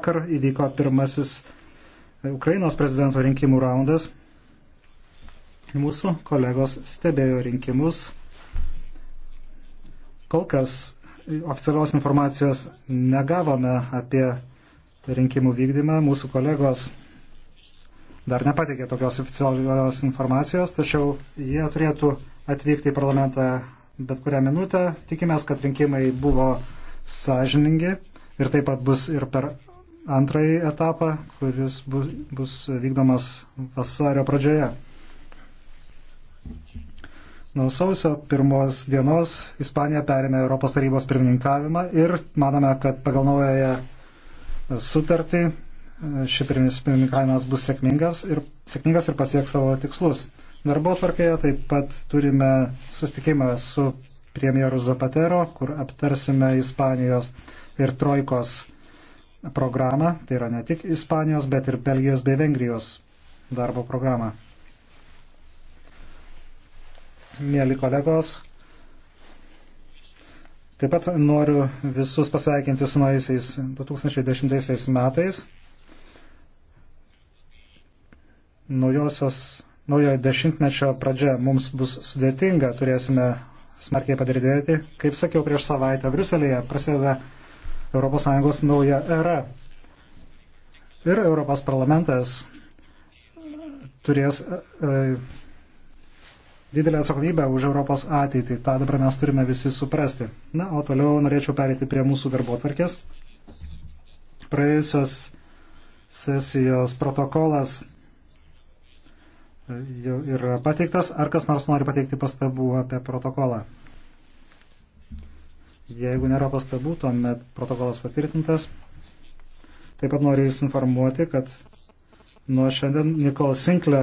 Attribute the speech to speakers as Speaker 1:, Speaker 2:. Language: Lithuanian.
Speaker 1: Vakar įvyko pirmasis Ukrainos prezidento rinkimų raundas. Mūsų kolegos stebėjo rinkimus. Kol kas oficialios informacijos negavome apie rinkimų vykdymą. Mūsų kolegos dar nepateikė tokios oficialios informacijos, tačiau jie turėtų atvykti į parlamentą bet kurią minutę. Tikimės, kad rinkimai buvo sąžiningi ir taip pat bus ir per antrąjį etapą, kuris bus, bus vykdomas vasario pradžioje. Nuo sausio pirmos dienos Ispanija perėmė Europos tarybos pirmininkavimą ir manome, kad pagal naująją sutartį e, ši pirmininkavimas bus sėkmingas ir, sėkmingas ir pasieks savo tikslus. Darbo tvarkėje taip pat turime sustikimą su premjeru Zapatero, kur aptarsime Ispanijos ir Trojkos programą, tai yra ne tik Ispanijos, bet ir Belgijos bei Vengrijos darbo programą. Mėly kolegos, taip pat noriu visus pasveikinti su naujaisiais 2010 metais. Naujosios, naujojo dešimtmečio pradžia mums bus sudėtinga, turėsime smarkiai padirbėti. Kaip sakiau prieš savaitę, Bruselėje prasideda ES nauja era. Ir Europos parlamentas turės e, didelę atsakomybę už Europos ateitį. Ta dabar mes turime visi suprasti. Na, o toliau norėčiau perėti prie mūsų darbo tvarkės. Praėjusios sesijos protokolas jau yra pateiktas. Ar kas nors nori pateikti pastabų apie protokolą? Jeigu nėra pastabų, tuomet protokolas patvirtintas. Taip pat noriu Jūs informuoti, kad nuo šiandien Nikol Sinkler